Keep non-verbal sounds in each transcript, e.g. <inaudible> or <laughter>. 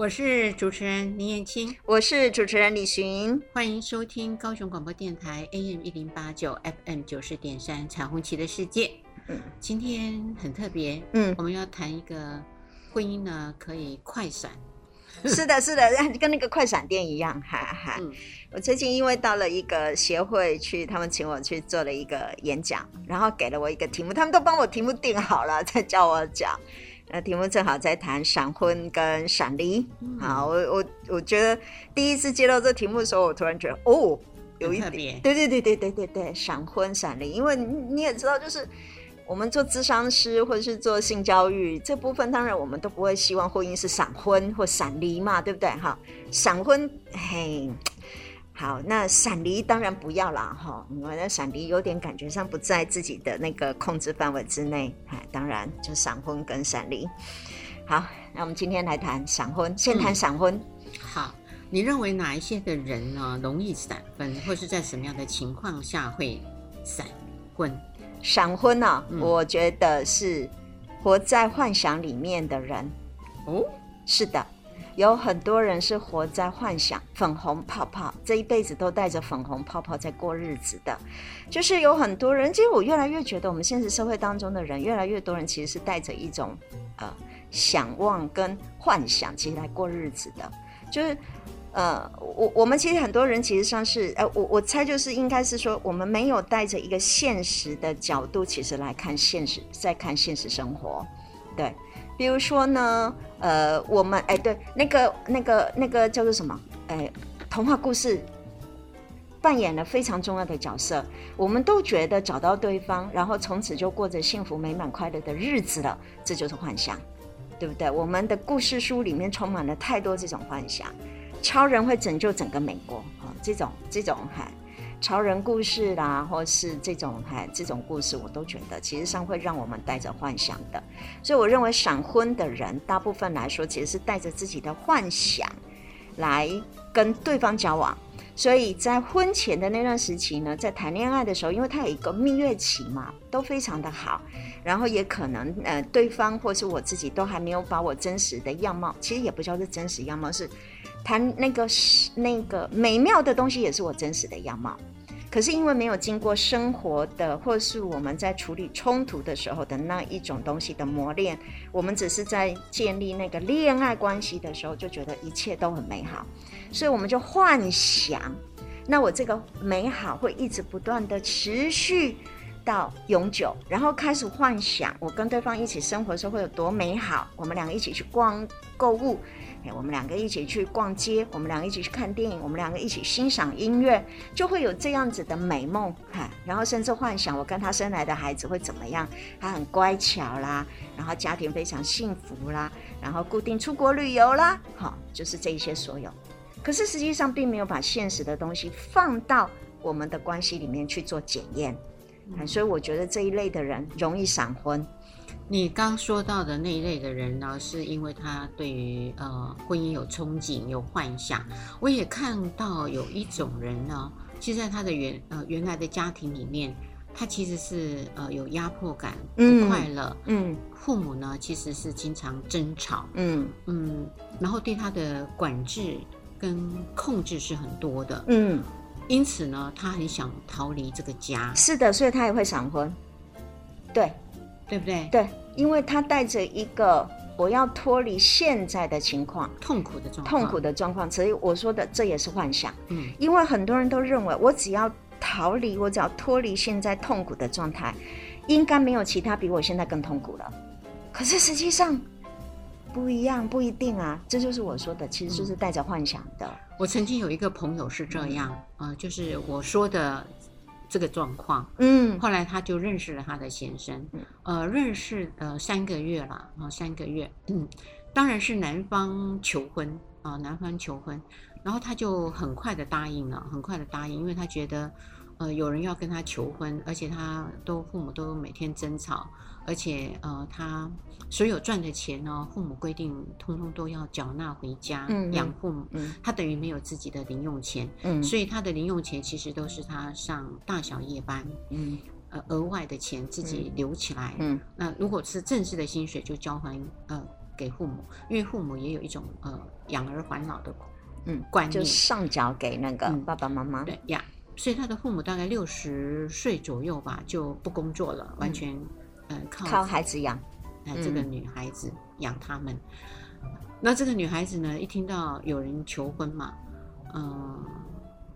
我是主持人林彥青，我是主持人李尋，歡迎收聽高雄廣播電臺 AM 一零八九 FM 九四點三《彩虹旗的世界》。嗯、今天很特別，嗯，我們要談一個婚姻呢，可以快閃。是的，是的，跟那個快閃店一樣，哈哈。嗯、我最近因為到了一個協會去，他們請我去做了一個演講，然後給了我一個題目，他們都幫我題目定好了，再叫我講。那題目正好在談閃婚跟閃離，嗯、好，我我我覺得第一次接到這題目的時候，我突然覺得哦，有一點，對對對對對對對，閃婚閃離，因為你也知道，就是我們做諮商師、或者是做性教育這部分，當然我們都不會希望婚姻是閃婚或閃離嘛，對不對？哈，閃婚嘿。好，那閃離當然不要了哈，我、哦、那閃離有點感覺上不在自己的那個控制範圍之內。哈、啊，當然就閃婚跟閃離。好，那我們今天來談閃婚，先談閃婚，嗯。好，你認為哪一些的人呢，容易閃婚，或是在什麼樣的情況下會閃婚？閃婚呢，啊，嗯、我覺得是活在幻想裡面的人。哦，是的。有很多人是活在幻想、粉紅泡泡，這一輩子都帶着粉紅泡泡在過日子的，就是有很多人，其實我越來越覺得，我們現實社會當中的人，越來越多人其實是帶着一種呃想望跟幻想，其實來過日子的，就是呃，我我們其實很多人其實上是，呃，我我猜就是應該是說，我們沒有帶着一個現實的角度，其實來看現實，在看現實生活，對。比如說呢，呃，我們哎，對，那個那個那個叫做什麼？哎，童話故事扮演了非常重要的角色。我們都覺得找到對方，然後從此就過着幸福美滿、快樂的日子了。這就是幻想，對不對？我們的故事書裡面充滿了太多這種幻想。超人會拯救整個美國啊、哦，這種這種哈。潮人故事啦，或是這種哎，這種故事，我都覺得其實上會讓我們帶着幻想的。所以我認為閃婚的人，大部分來說其實是帶着自己的幻想來跟對方交往。所以在婚前的那段時期呢，在談戀愛的時候，因為他有一個蜜月期嘛，都非常的好。然後也可能呃，對方或是我自己都還沒有把我真實的樣貌，其實也不叫做真實樣貌，是談那個是那個美妙的東西，也是我真實的樣貌。可是因為沒有經過生活的，或是我們在處理衝突的時候的那一種東西的磨練，我們只是在建立那個戀愛關係的時候就覺得一切都很美好，所以我們就幻想，那我這個美好會一直不斷地持續到永久，然後開始幻想我跟對方一起生活的時候會有多美好，我們兩個一起去逛購物。我們兩個一起去逛街，我們兩個一起去看電影，我們兩個一起欣賞音樂，就會有這樣子的美夢哈。然後甚至幻想我跟他生來的孩子會怎麼樣，他很乖巧啦，然後家庭非常幸福啦，然後固定出國旅遊啦，好，就是這一些所有。可是實際上並沒有把現實的東西放到我們的關係裡面去做檢驗，所以我覺得這一類的人容易閃婚。你剛剛說到的那一類的人呢，是因為他對於呃婚姻有憧憬，有幻想。我也看到有一種人呢，其實在他的原呃原來的家庭裡面，他其實是呃有壓迫感，不快樂。嗯，嗯，父母呢其實是經常爭吵。嗯嗯，然後對他的管制跟控制是很多的。嗯，因此呢，他很想逃離這個家。是的，所以他也會閃婚。對。對不對？對，因為他帶着一個我要脫離現在的情況，痛苦的狀況，痛苦的狀況。所以我說的這也是幻想。嗯，因為很多人都認為我只要逃離，我只要脫離現在痛苦的狀態，應該沒有其他比我現在更痛苦了。可是實際上不一樣，不一定啊。這就是我說的，其實就是帶着幻想的。嗯、我曾經有一個朋友是這樣，啊、嗯呃，就是我說的。這個狀況，嗯，後來他就認識了他的先生，嗯、呃，認識呃三個月了啊，三個月，嗯，當然是男方求婚啊，男、呃、男方求婚，然後他就很快的答應了，很快的答應，因為他覺得。呃，有人要跟他求婚，而且他都父母都每天爭吵，而且呃，他所有賺的錢呢，父母規定通通都要繳納回家，嗯，養父母，嗯，他等於沒有自己的零用錢，嗯，所以他的零用錢其實都是他上大小夜班，嗯呃，額外的錢自己留起來。那，嗯嗯呃，如果是正式的薪水，就交還、呃、給父母，因為父母也有一種呃養兒防老的嗯觀念，就上繳給那個爸爸媽媽，嗯對呀。所以他的父母大概六十歲左右吧，就不工作了，完全，嗯呃、靠，靠孩子養。那這個女孩子養他們。嗯、那這個女孩子呢，一聽到有人求婚嘛，嗯、呃，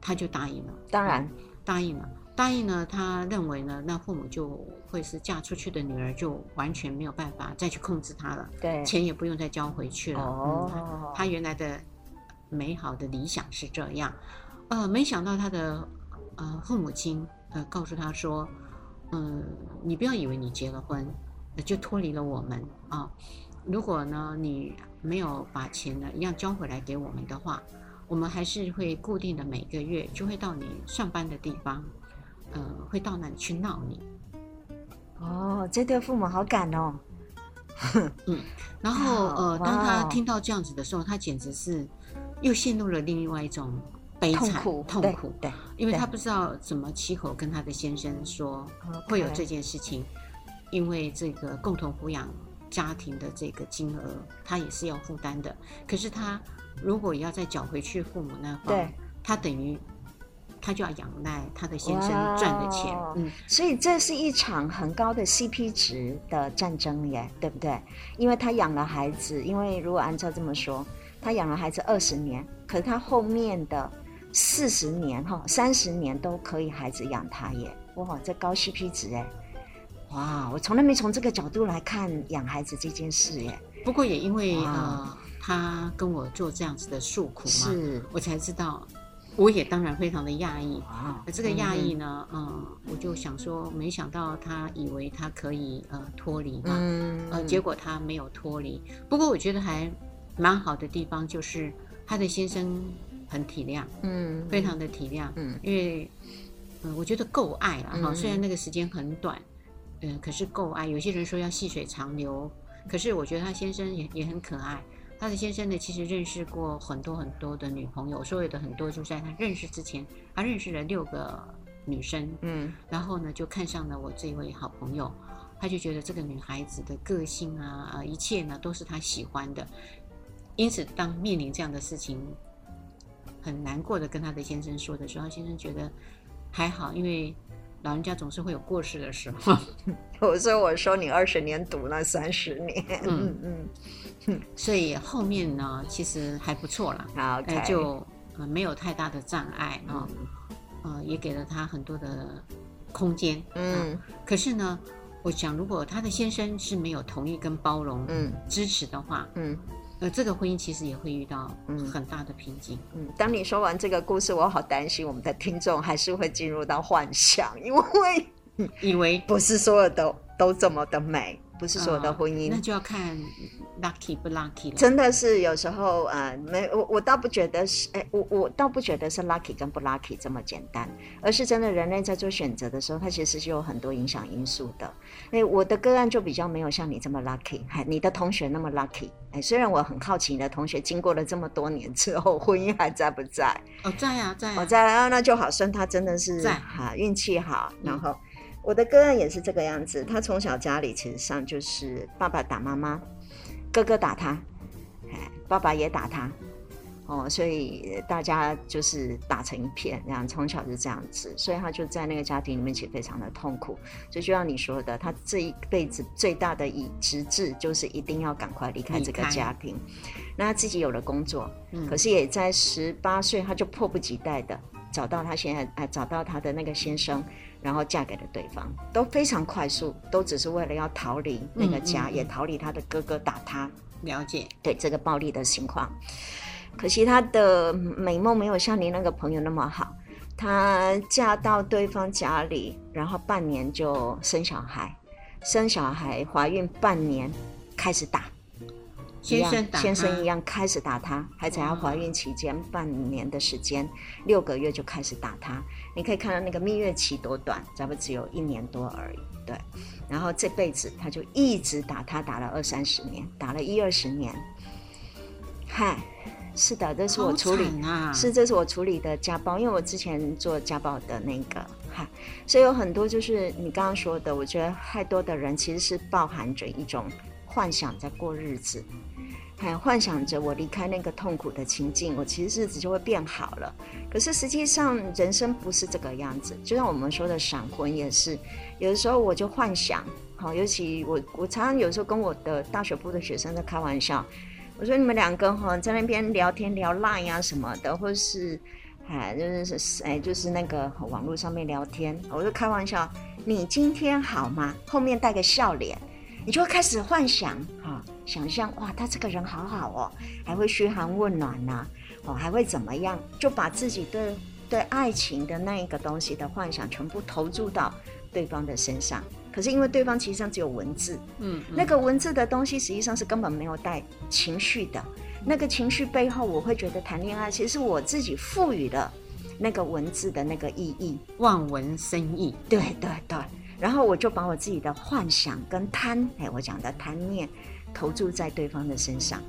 她就答應了。當然、嗯、答應了，答應呢，她認為呢，那父母就會是嫁出去的女兒，就完全沒有辦法再去控制她了。對，錢也不用再交回去了。哦，她、嗯、原來的美好的理想是這樣。呃，沒想到她的。呃，父母親呃，告訴他說，嗯，你不要以為你結了婚，呃，就脫離了我們啊，哦。如果呢，你沒有把錢呢一樣交回來給我們的話，我們還是會固定的每個月就會到你上班的地方，呃，會到那去鬧你。哦，這對父母好敢哦。 <laughs> 嗯，然後呃，當他聽到這樣子的時候，他簡直是又陷入了另外一種。悲慘痛苦，痛苦的，對因為他不知道怎麼開口跟他的先生說會有這件事情。Okay. 因為這個共同撫養家庭的這個金額，他也是要負擔的。可是他如果要再繳回去父母那方，他等於他就要仰賴他的先生賺的錢。Oh, 嗯，所以這是一場很高的 CP 值的戰爭耶，對不對？因為他養了孩子，因為如果按照這麼說，他養了孩子二十年，可是他後面的。四十年哈，三十年都可以孩子養他耶！哇，這高 CP 值耶！哇，wow, 我從來沒從這個角度來看養孩子這件事耶。不過也因為 Wow.、呃、他跟我做這樣子的訴苦嘛，是我才知道。我也當然非常的訝異。那 Wow.、呃、這個訝異呢，嗯、mm hmm. 呃，我就想說，沒想到他以為他可以呃脫離嘛、mm hmm. 呃，結果他沒有脫離。不過我覺得還蠻好的地方就是他的先生，很體諒，嗯，非常的體諒，嗯，因為，嗯，我覺得夠愛了哈。嗯、雖然那個時間很短，嗯，嗯，可是夠愛。有些人說要細水長流，可是我覺得他先生也也很可愛。他的先生呢，其實認識過很多很多的女朋友，所有的很多就是在他認識之前，他認識了六個女生，嗯，然後呢就看上了我這位好朋友，他就覺得這個女孩子的個性啊，一切呢都是他喜歡的。因此，當面臨這樣的事情。很難過的跟他的先生說的時候，先生覺得還好，因為老人家總是會有過世的時候。 <laughs> 我說：“我說你二十年賭了三十年。”嗯嗯，嗯所以後面呢，其實還不錯了。好，k Okay.、呃、就、呃、沒有太大的障礙啊、呃嗯呃，也給了他很多的空間。呃、嗯，可是呢，我想如果他的先生是沒有同意跟包容、支持的話，嗯。嗯而這個婚姻其實也會遇到很大的瓶頸、嗯。嗯，當你說完這個故事，我好擔心我們的聽眾還是會進入到幻想，因為以為不是所有的都，都這麼的美，不是所有的婚姻，呃、那就要看 lucky 不 lucky。真的是有時候呃、啊、沒我我倒不覺得是，哎，我我倒不覺得是 lucky 跟不 lucky 這麼簡單，而是真的人類在做選擇的時候，它其實是有很多影響因素的。欸、我的個案就比較沒有像你這麼 lucky，嘿、你的同學那麼 lucky、欸。雖然我很好奇你的同學經過了這麼多年之後，婚姻還在不在？哦，在啊，在啊。哦。在啊，那就好，算他真的是運氣在、啊、好。然後、嗯、我的個案也是這個樣子，他從小家裡其實上就是爸爸打媽媽，哥哥打他，爸爸也打他。哦，所以大家就是打成一片，然後從小就這樣子，所以他就在那個家庭裡面其實非常的痛苦。所以就像你說的，他這一輩子最大的意志就是一定要趕快離開這個家庭。離開。那他自己有了工作，嗯、可是也在十八歲，他就迫不及待的找到他現在哎，找到他的那個先生，然後嫁給了對方，都非常快速，都只是為了要逃離那個家，嗯嗯，也逃離他的哥哥打他。了解，對這個暴力的情況。可惜她的美夢沒有像您那個朋友那麼好。她嫁到對方家裡，然後半年就生小孩，生小孩懷孕半年開始打，先生先生一樣開始打她。還在她懷孕期間，半年的時間，嗯、六個月就開始打她。你可以看到那個蜜月期多短，差不多只有一年多而已。對，然後這輩子她就一直打她，打了二三十年，打了一二十年，嗨。是的，這是我處理、啊、是，這是我處理的家暴，因為我之前做家暴的那個哈，所以有很多就是你剛剛說的，我覺得太多的人其實是包含着一種幻想在過日子，還幻想着我離開那個痛苦的情境，我其實日子就會變好了。可是實際上人生不是這個樣子，就像我們說的閃婚也是，有的時候我就幻想，好，尤其我我常常有時候跟我的大學部的學生在開玩笑。我說你們兩個哈在那邊聊天聊賴呀、啊、什麼的，或是，哎，就是是哎，就是那個網絡上面聊天。我就開玩笑，你今天好嗎？後面帶個笑臉，你就開始幻想哈，想象哇，他這個人好好哦，還會噓寒問暖吶，哦，還會怎麼樣？就把自己對對愛情的那一個東西的幻想全部投注到對方的身上，可是因為對方實際上只有文字，嗯，嗯那個文字的東西實際上是根本沒有帶情緒的。嗯、那個情緒背後，我會覺得談戀愛其實是我自己賦予了那個文字的那個意義，望文生義。對對對，然後我就把我自己的幻想跟貪，哎，我講的貪念，投注在對方的身上。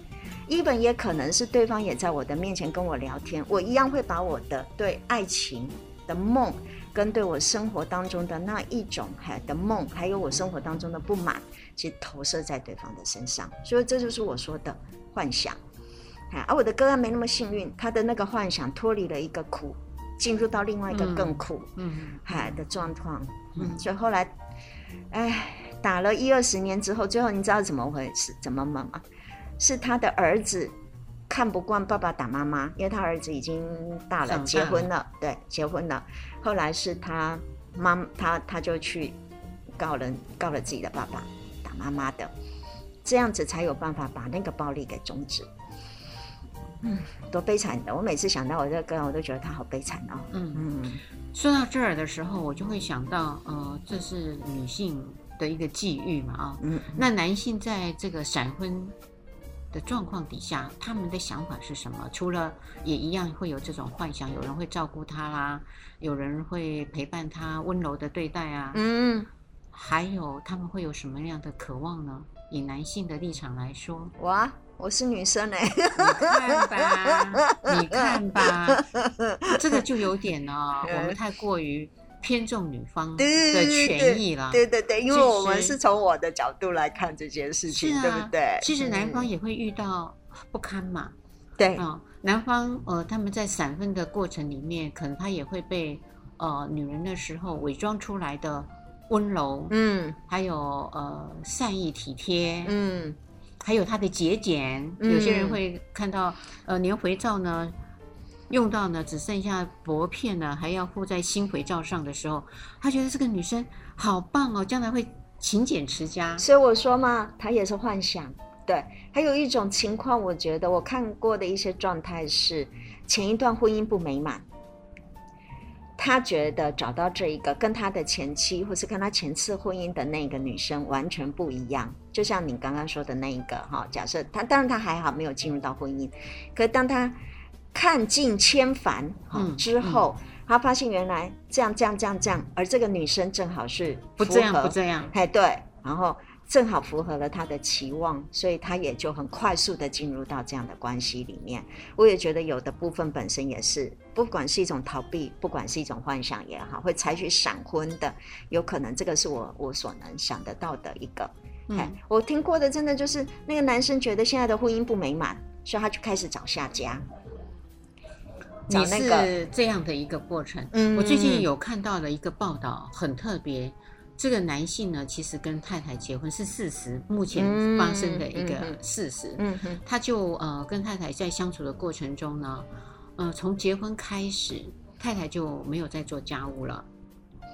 一本也可能是對方也在我的面前跟我聊天，我一樣會把我的對愛情的夢。跟對我生活當中的那一種嗨的夢，還有我生活當中的不滿，其實投射在對方的身上，所以這就是我說的幻想。而、啊、我的哥哥沒那麼幸運，他的那個幻想脫離了一個苦，進入到另外一個更苦，嗨的狀況，嗯嗯嗯。所以後來，唉，打了一二十年之後，最後你知道怎麼回事？怎麼猛嗎？是他的兒子看不慣爸爸打媽媽，因為他兒子已經大了，大了結婚了，對，結婚了。後來是他媽，他他就去告人，告了自己的爸爸打媽媽的，這樣子才有辦法把那個暴力給終止。嗯，多悲慘的！我每次想到我這個哥我都覺得他好悲慘啊、哦。嗯嗯，說到這兒的時候，我就會想到，呃，這是女性的一個際遇嘛啊。哦、嗯。那男性在這個閃婚。的狀況底下，他們的想法是什麼？除了也一樣會有這種幻想，有人會照顧他啦、啊，有人會陪伴他，溫柔的對待啊。嗯，還有他們會有什麼樣的渴望呢？以男性的立場來說，我我是女生耶。 <laughs> 你看吧，你看吧， <laughs> 這個就有點呢、哦，嗯、我們太過於，偏重女方的權益啦，對，對對對，因為我們是從我的角度來看這件事情，啊、對不對？其實男方也會遇到不堪嘛，對啊、呃，男方呃，他們在閃婚的過程裡面，可能他也會被呃女人的時候偽裝出來的溫柔，嗯，還有呃善意體貼，嗯，還有他的節儉，嗯、有些人會看到呃年回照呢。用到呢只剩下薄片呢、啊，還要敷在新肥皂上的時候，他覺得這個女生好棒哦，將來會勤儉持家。所以我說嘛，他也是幻想。對，還有一種情況，我覺得我看過的一些狀態是，前一段婚姻不美滿，他覺得找到這一個跟他的前妻或是跟他前次婚姻的那個女生完全不一樣。就像你剛剛說的那一個哈，假設他當然他還好沒有進入到婚姻，可當他。看盡千帆，嗯，嗯，之後他發現原來這樣這樣這樣這樣，而這個女生正好是不這樣不這樣，哎對，然後正好符合了他的期望，所以他也就很快速地進入到這樣的關係裡面。我也覺得有的部分本身也是，不管是一種逃避，不管是一種幻想也好，會採取閃婚的，有可能這個是我我所能想得到的一個。哎、嗯，我聽過的真的就是那個男生覺得現在的婚姻不美滿，所以他就開始找下家。找那個、你是這樣的一個過程。嗯、我最近有看到了一個報道，嗯、很特別。這個男性呢，其實跟太太結婚是事實，目前發生的一個事實。嗯，嗯哼，他就，呃，跟太太在相處的過程中呢，呃，從結婚開始，太太就沒有再做家務了。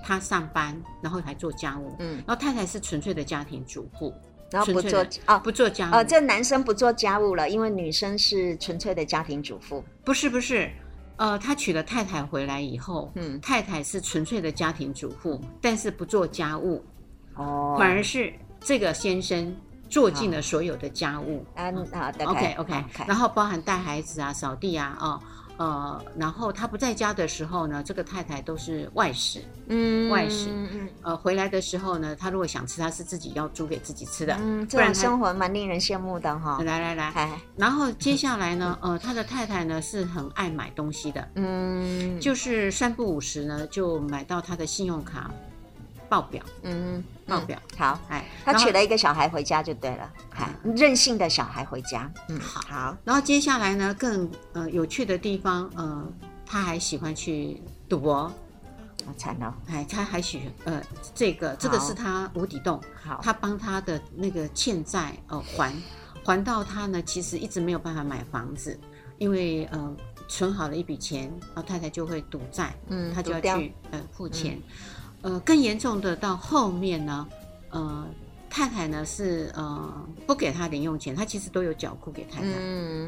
他上班，然後還做家務。嗯，然後太太是純粹的家庭主婦，然後不做家務。哦、不做家務呃。呃，這男生不做家務了，因為女生是純粹的家庭主婦。不是，不是，不是。呃，他娶了太太回來以後，嗯，太太是純粹的家庭主婦，但是不做家務，哦，反而是這個先生做盡了所有的家務，哦、嗯，嗯，好，OK OK，然後包含帶孩子啊、掃地啊，哦。呃，然後他不在家的時候呢，這個太太都是外食，嗯，外食，呃，回來的時候呢，他如果想吃，他是自己要煮給自己吃的，嗯，這種生活然蠻令人羨慕的哈、哦。來來來，哎、然後接下來呢，嗯、呃，他的太太呢是很愛買東西的，嗯，就是三不五時呢就買到他的信用卡。爆表，嗯，爆表，好，哎，他娶了一個小孩回家就對了，哎，任性的小孩回家，嗯，好，好，然後接下來呢，更呃有趣的地方，嗯，他還喜歡去賭博，好慘哦，哎，他還喜歡，呃，這個，這個是他無底洞，好，他幫他的那個欠債哦，還，還到他呢，其實一直沒有辦法買房子，因為嗯，存好了一筆錢，然後太太就會賭債，嗯，他就要去呃付錢。呃、更嚴重的到後面呢，呃，太太呢是呃不給他零用錢，他其實都有繳庫給太太，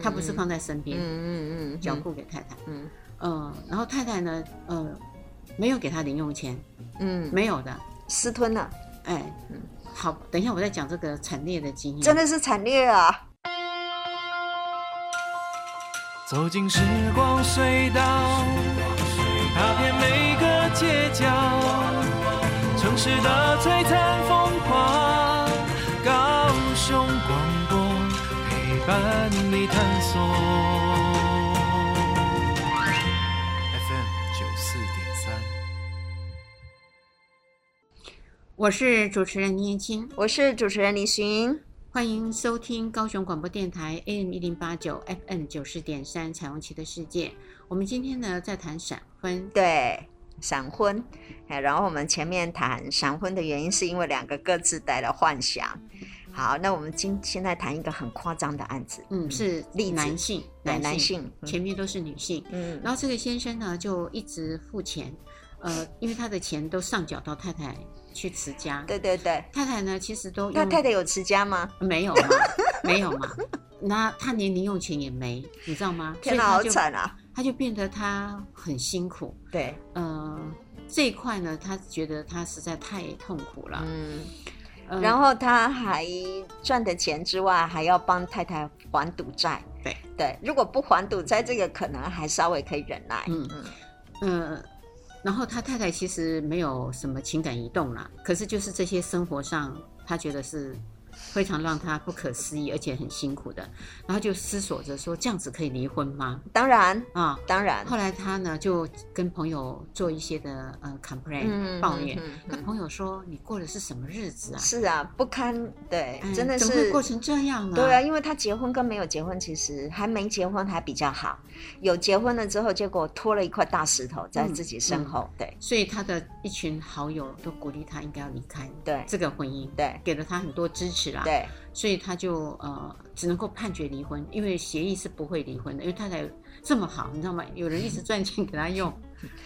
他、嗯、不是放在身邊，嗯嗯嗯，繳庫給太太，嗯、呃、然後太太呢，呃，沒有給他零用錢，嗯，沒有的，私吞了，哎、欸，好，等一下我再講這個慘烈的經驗，真的是慘烈啊！走進時光隧道，踏遍每個街角。城市的璀璨風光高雄廣播陪伴你探索。FM 九四點三，我是主持人林彥青，我是主持人李尋，歡迎收聽高雄廣播電台 AM 一零八九 FM 九四點三《彩虹旗的世界》，我們今天呢在談閃婚，對。閃婚，哎，然後我們前面談閃婚的原因，是因為兩個各自帶了幻想。好，那我們今現在談一個很誇張的案子，嗯，嗯，是男性，例子，男性，男男性，前面都是女性，嗯，嗯然後這個先生呢就一直付錢，呃，因為他的錢都上繳到太太去持家，對對對，太太呢其實都，那太太有持家嗎？沒有嘛， <laughs> 沒有嘛，那他連零用錢也沒，你知道嗎？天哪，天哪好慘啊！他就變得他很辛苦，對，嗯、呃，這一塊呢，他覺得他實在太痛苦了，嗯，呃、然後他還賺的錢之外，還要幫太太還賭債，對，對，如果不還賭債，這個可能還稍微可以忍耐，嗯嗯、呃，然後他太太其實沒有什麼情感移動了，可是就是這些生活上，他覺得是。非常讓他不可思議，而且很辛苦的，然後就思索着說：“這樣子可以離婚嗎？”“當然啊，當然。啊”後來他呢就跟朋友做一些的呃 complain 抱怨，跟、嗯嗯嗯、朋友說：“你過的是什麼日子啊？”“是啊，不堪，對，哎、真的是怎麼會過成這樣呢、啊？”“對啊，因為他結婚跟沒有結婚其實還沒結婚還比較好，有結婚了之後，結果拖了一塊大石頭在自己身後。嗯”“嗯、對，所以他的一群好友都鼓勵他應該要離開對這個婚姻，對，對給了他很多支持。”是啦，對，所以他就呃，只能夠判決離婚，因為協議是不會離婚的，因為他才這麼好，你知道嗎？有人一直賺錢給他用，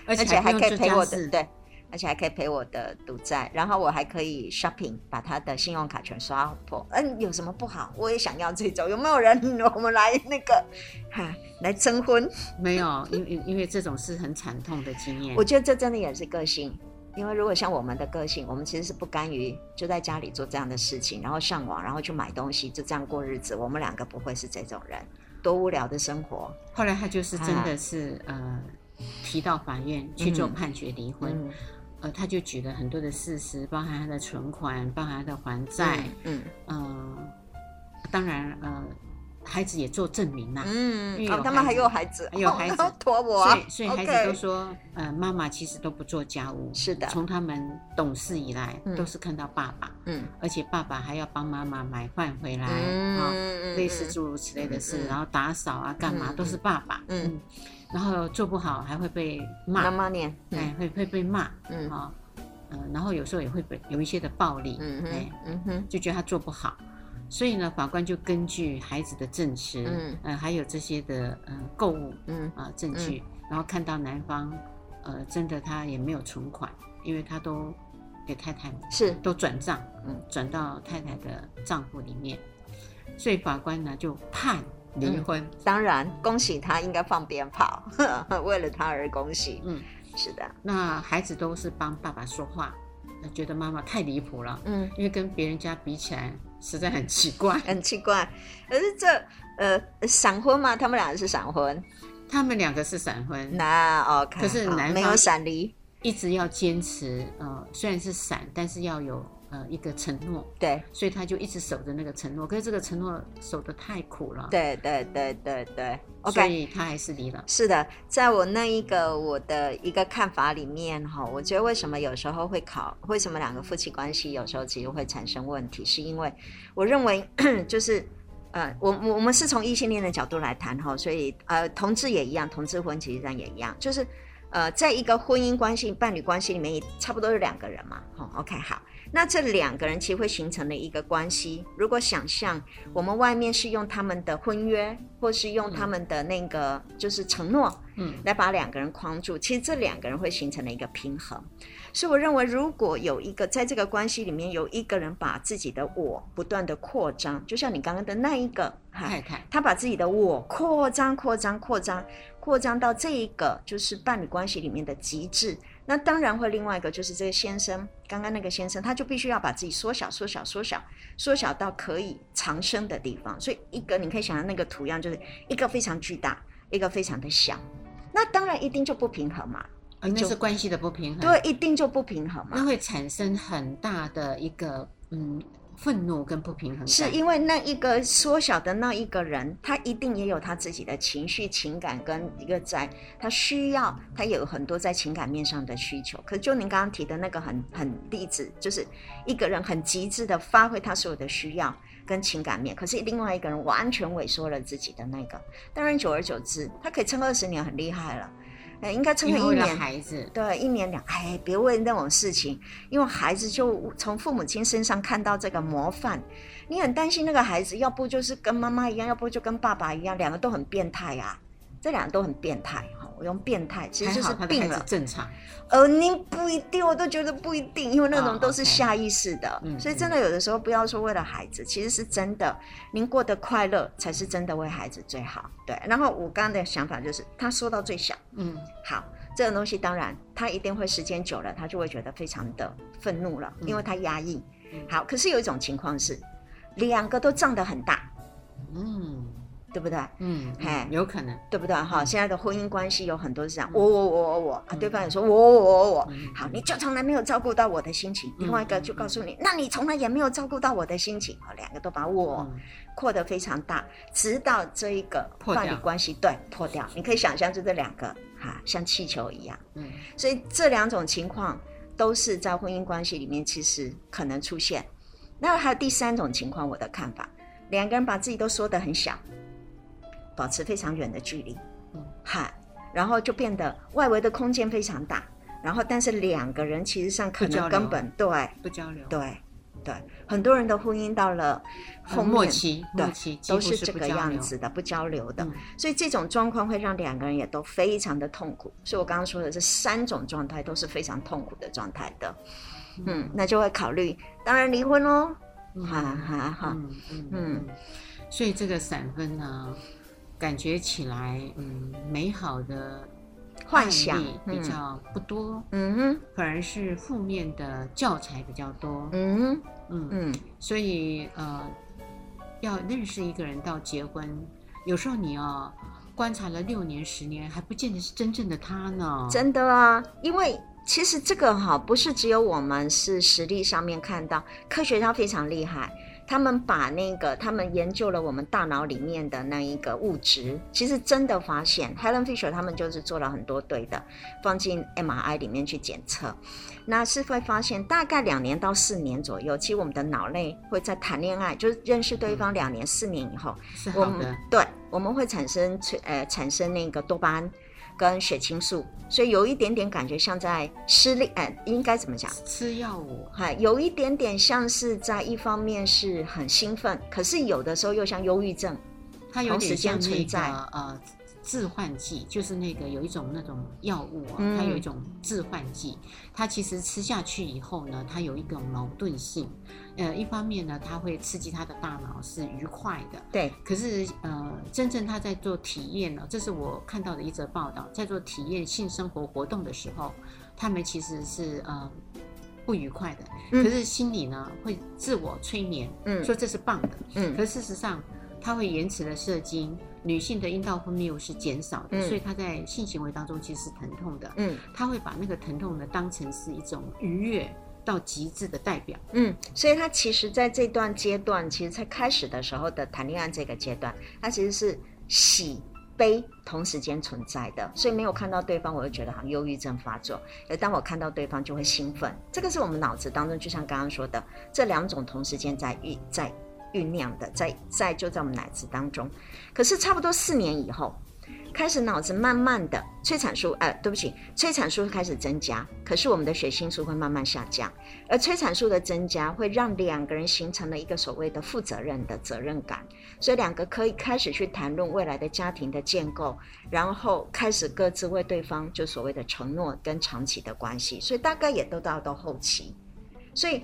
而且還可以賠我的，對，而且還可以賠我的賭債，然後我還可以 shopping，把他的信用卡全刷破，嗯、啊，有什麼不好？我也想要這種，有沒有人？我們來那個哈、啊，來徵婚？沒有，因因因為這種是很慘痛的經驗， <laughs> 我覺得這真的也是個性。因為如果像我們的個性，我們其實是不甘於就在家裡做這樣的事情，然後上網，然後去買東西，就這樣過日子。我們兩個不會是這種人，多無聊的生活。後來他就是真的是、啊、呃，提到法院去做判決離婚，嗯嗯、呃，他就舉了很多的事實，包含他的存款，包含他的還債，嗯嗯、呃，當然呃。孩子也做證明吶，嗯，好，他們還有孩子，還有孩子，所以所以孩子都說，呃，媽媽其實都不做家務，是的，從他們懂事以來，都是看到爸爸，嗯，而且爸爸還要幫媽媽買飯回來，啊，類似諸如此類的事，然後打掃啊幹嘛都是爸爸，嗯，然後做不好還會被罵，媽媽念，哎，會會被罵，嗯啊，嗯，然後有時候也會有一些的暴力，嗯哼，嗯哼，就覺得他做不好。所以呢，法官就根據孩子的證詞，嗯、呃，還有這些的嗯購、呃、物，嗯啊、呃、證據，嗯、然後看到男方，呃，真的他也沒有存款，因為他都給太太是都轉賬，嗯，轉、嗯、到太太的賬戶裡面，所以法官呢就判離婚、嗯。當然，恭喜他，應該放鞭炮呵呵，為了他而恭喜。嗯，是的。那孩子都是幫爸爸說話，覺得媽媽太離譜了，嗯，因為跟別人家比起來。實在很奇怪，很奇怪，可是這呃閃婚嘛，他們，婚他們兩個是閃婚，他們兩個是閃婚，那哦，可是男方沒有閃離，一直要堅持，呃，雖然是閃，但是要有。呃，一個承諾，對，所以他就一直守着那個承諾，可是這個承諾守得太苦了，對對對對對，okay. 所以他還是離了。是的，在我那一個我的一個看法裡面哈、哦，我覺得為什麼有時候會考，為什麼兩個夫妻關係有時候其實會產生問題，是因為我認為就是呃，我我們是從異性戀的角度來談哈、哦，所以呃，同志也一樣，同志婚其實上也一樣，就是呃，在一個婚姻關係、伴侶關係裡面，差不多是兩個人嘛，哈、哦、，OK，好。那這兩個人其實會形成了一個關係。如果想象我們外面是用他們的婚約，或是用他們的那個就是承諾，嗯，來把兩個人框住。其實這兩個人會形成了一個平衡。所以我認為，如果有一個在這個關係裡面有一個人把自己的我不斷的擴張，就像你剛剛的那一個，他他把自己的我擴張擴張擴張擴張到這一個，就是伴侶關係裡面的極致。那當然會，另外一個就是這個先生，剛剛那個先生，他就必須要把自己縮小、縮小、縮小、縮小到可以藏身的地方。所以一個你可以想象那個圖樣就是一個非常巨大，一個非常的小，那當然一定就不平衡嘛，啊、就是關係的不平衡。對，一定就不平衡嘛，那會產生很大的一個嗯。憤怒跟不平衡，是因為那一個縮小的那一個人，他一定也有他自己的情緒、情感跟一個在，他需要，他有很多在情感面上的需求。可就您剛剛提的那個很很例子，就是一個人很極致的發揮他所有的需要跟情感面，可是另外一個人完全萎縮了自己的那個，當然久而久之，他可以撐二十年很厲害了。應該撐個一年，孩子對，一年兩。哎，別問那種事情，因為孩子就從父母親身上看到這個模範。你很擔心那個孩子，要不就是跟媽媽一樣，要不就跟爸爸一樣，兩個都很變態啊！這兩個都很變態。我用變態，其實就是病了。正常，呃，您不一定，我都覺得不一定，因為那種都是下意識的，oh, okay. 所以真的有的時候不要說為了孩子，嗯、其實是真的，嗯、您過得快樂才是真的為孩子最好。對，然後我剛剛的想法就是，他說到最小，嗯，好，這個東西當然他一定會時間久了，他就會覺得非常的憤怒了，因為他壓抑。嗯、好，可是有一種情況是，兩個都脹得很大，嗯。對不對？嗯，嘿，有可能，對不對？哈，現在的婚姻關係有很多是這樣，我我我我我，對方也說我我我我，好，你就從來沒有照顧到我的心情。另外一個就告訴你，那你從來也沒有照顧到我的心情。哦，兩個都把我擴得非常大，直到這一個伴侶關係，對，破掉。你可以想象，就這兩個哈，像氣球一樣。嗯，所以這兩種情況都是在婚姻關係裡面，其實可能出現。那還有第三種情況，我的看法，兩個人把自己都說得很小。保持非常遠的距離，哈，然後就變得外圍的空間非常大，然後但是兩個人其實上可能根本對不交流，對對，很多人的婚姻到了後期，對，都是這個樣子的，不交流的，所以這種狀況會讓兩個人也都非常的痛苦。所以我剛剛說的這三種狀態都是非常痛苦的狀態的，嗯，那就會考慮，當然離婚嘍，哈哈哈，嗯，所以這個閃婚呢，感覺起來，嗯，美好的幻想比較不多，嗯哼，反而是負面的教材比較多，嗯嗯嗯，所以呃，要認識一個人到結婚，有時候你要、哦、觀察了六年、十年，還不見得是真正的他呢。真的啊，因為其實這個哈，不是只有我們是實力上面看到，科學家非常厲害。他們把那個，他們研究了我們大腦裡面的那一個物質，其實真的發現，Helen Fisher 他們就是做了很多對的，放進 MRI 裡面去檢測，那是會發現大概兩年到四年左右，其實我們的腦內會在談戀愛，就是認識對方兩年、嗯、四年以後，是好的，我們，對，我們會產生催，呃，產生那個多巴胺。跟血清素，所以有一點點感覺像在失戀，哎，應該怎麼講？吃藥物、嗯，有一點點像是在一方面是很興奮，可是有的時候又像憂鬱症，它有點像、那個、同時存在，呃。致幻劑就是那個有一種那種藥物啊，嗯、它有一種致幻劑，它其實吃下去以後呢，它有一個矛盾性。呃，一方面呢，它會刺激他的大腦是愉快的，對。可是呃，真正他在做體驗呢，這是我看到的一則報道，在做體驗性生活活動的時候，他們其實是呃不愉快的，嗯、可是心裡呢會自我催眠，嗯，說這是棒的，嗯。可是事實上，它會延遲了射精。女性的陰道分泌物是減少的，嗯，所以她在性行為當中其實是疼痛的。嗯，她會把那個疼痛呢當成是一種愉悅到極致的代表。嗯，所以她其實在這段階段，其實，在開始的時候的談戀愛這個階段，她其實是喜悲同時間存在的。所以沒有看到對方，我就覺得好像憂鬱症發作；而當我看到對方，就會興奮。這個是我們腦子當中，就像剛剛說的，這兩種同時間在遇在。在醞釀的在，在，在就在我們腦子當中，可是差不多四年以後，開始腦子慢慢的催產素，哎，對不起，催產素開始增加，可是我們的血清素會慢慢下降，而催產素的增加會讓兩個人形成了一個所謂的負責任的責任感，所以兩個可以開始去談論未來的家庭的建構，然後開始各自為對方就所謂的承諾跟長期的關係，所以大概也都到了到後期，所以。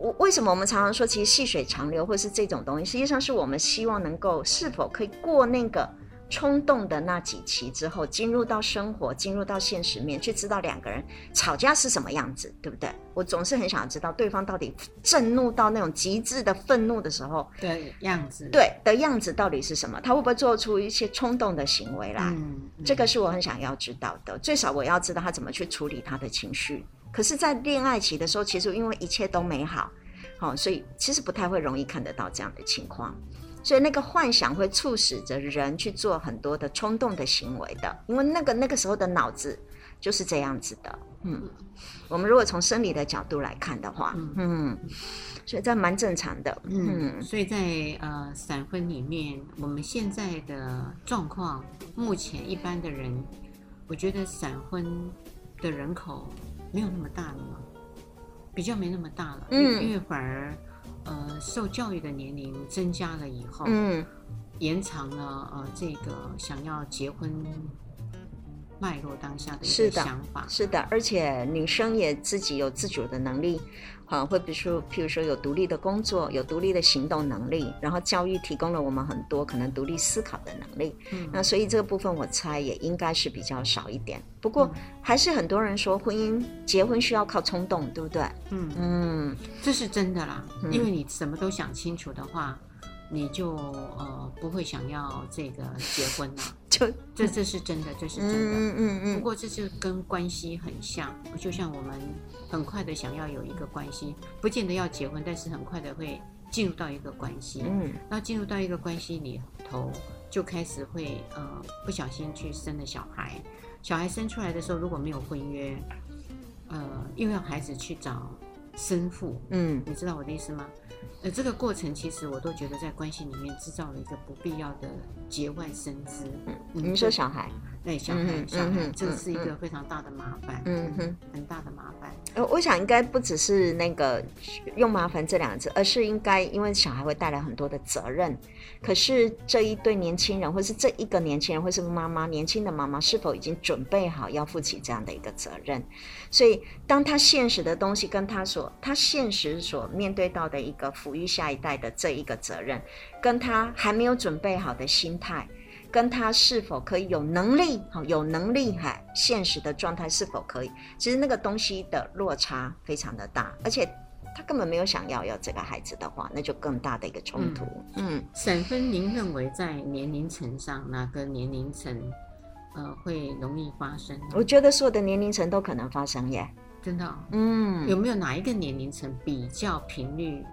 我為什麼我們常常說，其實細水長流，或是這種東西，實際上是我們希望能夠是否可以過那個衝動的那幾期之後，進入到生活，進入到現實面，去知道兩個人吵架是什麼樣子，對不對？我總是很想知道對方到底震怒到那種極致的憤怒的時候，對樣子，對的樣子到底是什麼？他會不會做出一些衝動的行為來？嗯嗯、這個是我很想要知道的，最少我要知道他怎麼去處理他的情緒。可是，在戀愛期的時候，其實因為一切都美好，好、哦，所以其實不太會容易看得到這樣的情況，所以那個幻想會促使着人去做很多的衝動的行為的，因為那個那個時候的腦子就是這樣子的，嗯，嗯我們如果從生理的角度來看的話，嗯,嗯，所以這蠻正常的，嗯，嗯所以在呃，閃婚裡面，我們現在的狀況，目前一般的人，我覺得閃婚的人口。沒有那麼大了嘛，比較沒那麼大了，嗯，因為反而，呃，受教育的年齡增加了以後，嗯，延長了呃這個想要結婚脈絡當下的一個想法。是的，是的，而且女生也自己有自主的能力。啊，會比如說，譬如說有獨立的工作，有獨立的行動能力，然後教育提供了我們很多可能獨立思考的能力。嗯，那所以這個部分我猜也應該是比較少一點。不過還是很多人說，婚姻結婚需要靠衝動，對不對？嗯嗯，這是真的啦，嗯，因為你什麼都想清楚的話，你就呃，不會想要這個結婚了。就這這這是真的，這是真的。嗯嗯嗯，不過這是跟關係很像，就像我們很快的想要有一個關係，不見得要結婚，但是很快的會進入到一個關係。嗯。那進入到一個關係裡頭，就開始會呃，不小心去生了小孩，小孩生出來的時候，如果沒有婚約，呃，又要孩子去找生父，嗯，你知道我的意思嗎？呃，這個過程其實我都覺得在關係裡面製造了一個不必要的節外生枝。嗯，你說，小孩。嗯對，小孩，小孩，小孩，嗯哼，這個是一個非常大的麻煩，嗯哼，嗯，很大的麻煩。呃，我想應該不只是那個用麻煩這兩個字，而是應該因為小孩會帶來很多的責任。可是這一對年輕人，或是這一個年輕人，或是媽媽，年輕的媽媽是否已經準備好要負起這樣的一個責任？所以，當他現實的東西跟他所他現實所面對到的一個撫育下一代的這一個責任，跟他還沒有準備好的心態。跟他是否可以有能力，好有能力，哈，現實的狀態是否可以？其實那個東西的落差非常的大，而且他根本沒有想要有這個孩子的話，那就更大的一個衝突嗯。嗯，沈芬，您認為在年齡層上哪個年齡層，呃，會容易發生？我覺得所有的年齡層都可能發生耶，真的。嗯，有沒有哪一個年齡層比較頻率？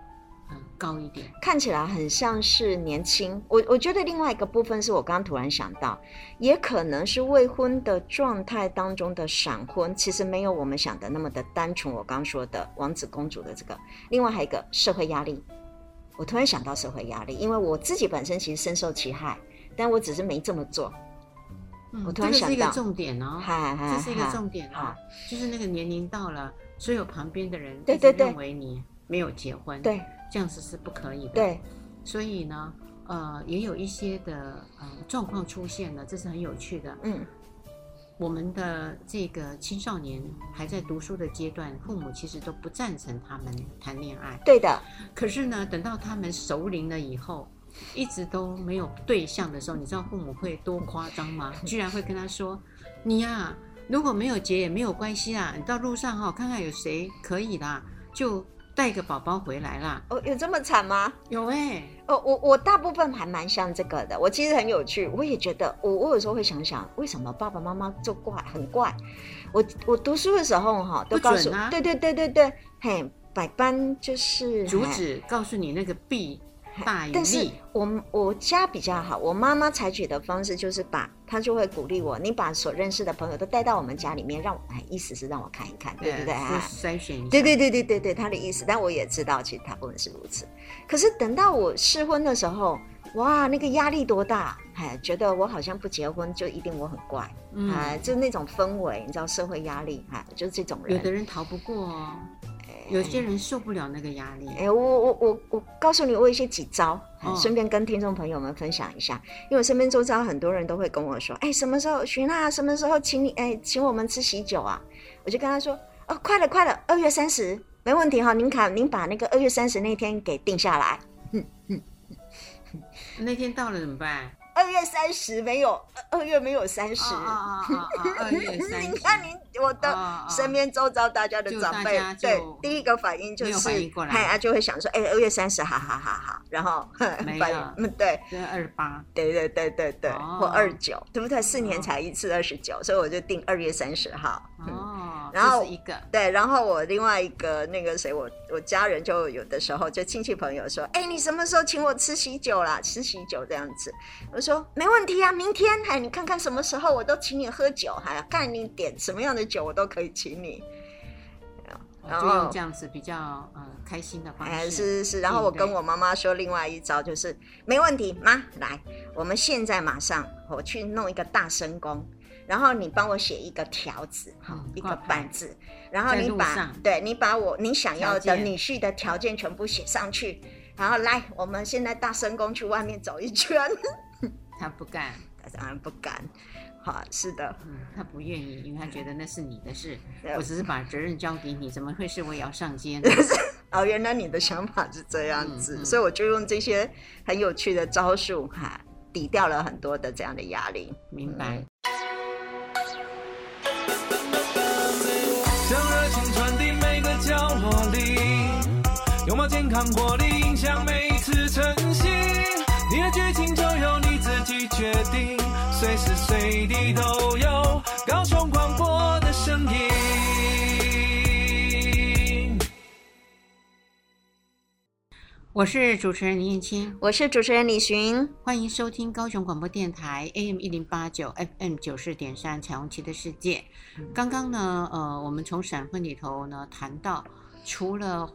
嗯、高一點，看起來很像是年輕。我我覺得另外一個部分是我剛剛突然想到，也可能是未婚的狀態當中的閃婚，其實沒有我們想的那麼的單純。我剛說的王子公主的這個，另外還有一個社會壓力。我突然想到社會壓力，因為我自己本身其實深受其害，但我只是沒這麼做。嗯、我突然想到，重點哦，嗨嗨嗨，這是一個重點哦，是就是那個年齡到了，所有旁邊的人都認為你沒有結婚。對。這樣子是不可以的。對，所以呢，呃，也有一些的呃狀況出現了，這是很有趣的。嗯，我們的這個青少年還在讀書的階段，父母其實都不贊成他們談戀愛。對的。可是呢，等到他們熟齡了以後，一直都沒有對象的時候，你知道父母會多誇張嗎？ <laughs> 居然會跟他說：“你呀、啊，如果沒有結也沒有關係啊，你到路上哈、哦、看看有誰可以啦，就。”帶個寶寶回來了，哦，有這麼慘嗎？有哎、欸，哦，我我大部分還蠻像這個的，我其實很有趣，我也覺得，我我有時候會想想，為什麼爸爸媽媽做怪很怪？我我讀書的時候哈、啊，都告訴，啊、對對對對對，嘿，百般就是阻止告訴你那個弊。但是我我家比較好，我媽媽採取的方式就是把他就會鼓勵我，你把所認識的朋友都帶到我們家裡面，讓我意思是讓我看一看，對，對不對啊？篩選一下。對對對對對他的意思，但我也知道，其實大部分是如此。可是等到我試婚的時候，哇，那個壓力多大！哎，覺得我好像不結婚就一定我很怪，哎、嗯呃，就是那種氛圍，你知道社會壓力，哎、呃，就是這種人。有的人逃不過、哦。有些人受不了那個壓力。哎、欸，我我我我告訴你，我有一些幾招，順、哦嗯、便跟聽眾朋友們分享一下。因為我身邊周遭很多人都會跟我說：“哎、欸，什麼時候徐娜？什麼時候請你？哎、欸，請我們吃喜酒啊！”我就跟他說：“哦，快了快了，二月三十，沒問題哈。您看，您把那個二月三十那天給定下來。 <laughs> 那天到了怎麼辦？”二月三十沒有，二月沒有三十。你看，你我的身邊周遭大家的長輩，oh, oh, oh. 對，第一個反應就是，他就會想說：“哎、欸，二月三十，好好好好。好”然後沒有，嗯，對，二十八，對對對對對，或二九，對，對，oh. 29, 對不對？四年才一次二十九，所以我就定二月三十號。Oh. 嗯然後一個對，然後我另外一個那個誰，我我家人就有的時候就親戚朋友說，哎、欸，你什麼時候請我吃喜酒啦？吃喜酒這樣子，我說沒問題啊，明天哎，你看看什麼時候，我都請你喝酒，哎，看你點什麼樣的酒，我都可以請你。然後這樣子比較呃開心的方式。哎，是是是，然後我跟我媽媽說，另外一招就是、嗯、沒問題，媽，來，我們現在馬上我去弄一個大聲公。然後你幫我寫一個條子，好，一個板子。然後你把，對，你把我你想要的女婿件的條件全部寫上去。然後來，我們現在大聲公去外面走一圈。他不幹，他當然不敢。好，是的、嗯，他不願意，因為他覺得那是你的事。對我只是把責任交給你，怎麼會是我也要上街呢？ <laughs> 哦，原來你的想法是這樣子，嗯嗯、所以我就用這些很有趣的招數，哈，抵掉了很多的這樣的壓力。明白。嗯將熱情傳遞每個角落裡，擁抱健康活力影響每一次晨曦。你的劇情就由你自己決定，隨時隨地都有。我是主持人林燕青，我是主持人李尋，歡迎收聽高雄廣播電台 AM 一零八九 FM 九四點三彩虹旗的世界。剛剛呢，呃，我們從閃婚裡頭呢談到，除了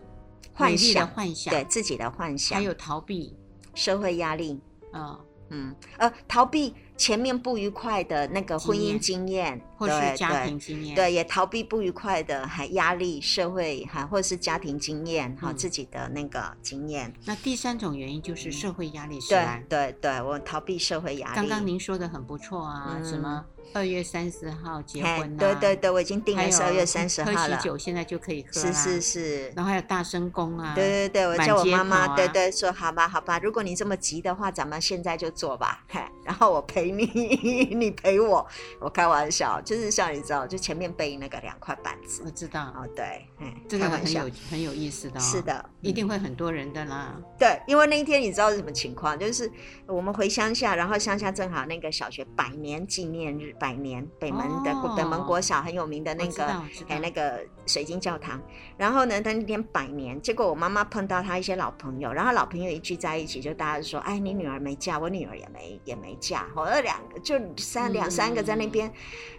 美麗的幻想，幻想對自己的幻想，還有逃避社會壓力，嗯，嗯呃，逃避前面不愉快的那個婚姻經驗。經驗或是家庭經驗。對對，對，也逃避不愉快的，還壓力、社會，還或是家庭經驗，哈、嗯，自己的那個經驗。那第三種原因就是社會壓力、嗯，對對對，我逃避社會壓力。剛剛您說的很不錯啊，什麼二月三十號結婚、啊、對對對，我已經訂了十二月三十號了。喝喜酒現在就可以喝、啊。是是是。然後還有大聲公啊。對對對，我叫我媽媽，啊、對對，說好吧好吧，如果你這麼急的話，咱們現在就做吧，嘿，然後我陪你， <laughs> 你陪我，我開玩笑。就是像你知道，就前面背那個兩塊板子，我知道哦，對，這個很有很有意思的、哦，是的，一定會很多人的啦、嗯。對，因為那一天你知道是什麼情況？就是我們回鄉下，然後鄉下正好那個小學百年紀念日，百年，北門的、哦、北門國小很有名的那個哎那個。水晶教堂，然後呢，在那邊百年，結果我媽媽碰到她一些老朋友，然後老朋友一聚在一起，就大家就說：“哎，你女兒沒嫁，我女兒也沒也沒嫁。”我了，兩個就三兩三個在那邊，嗯、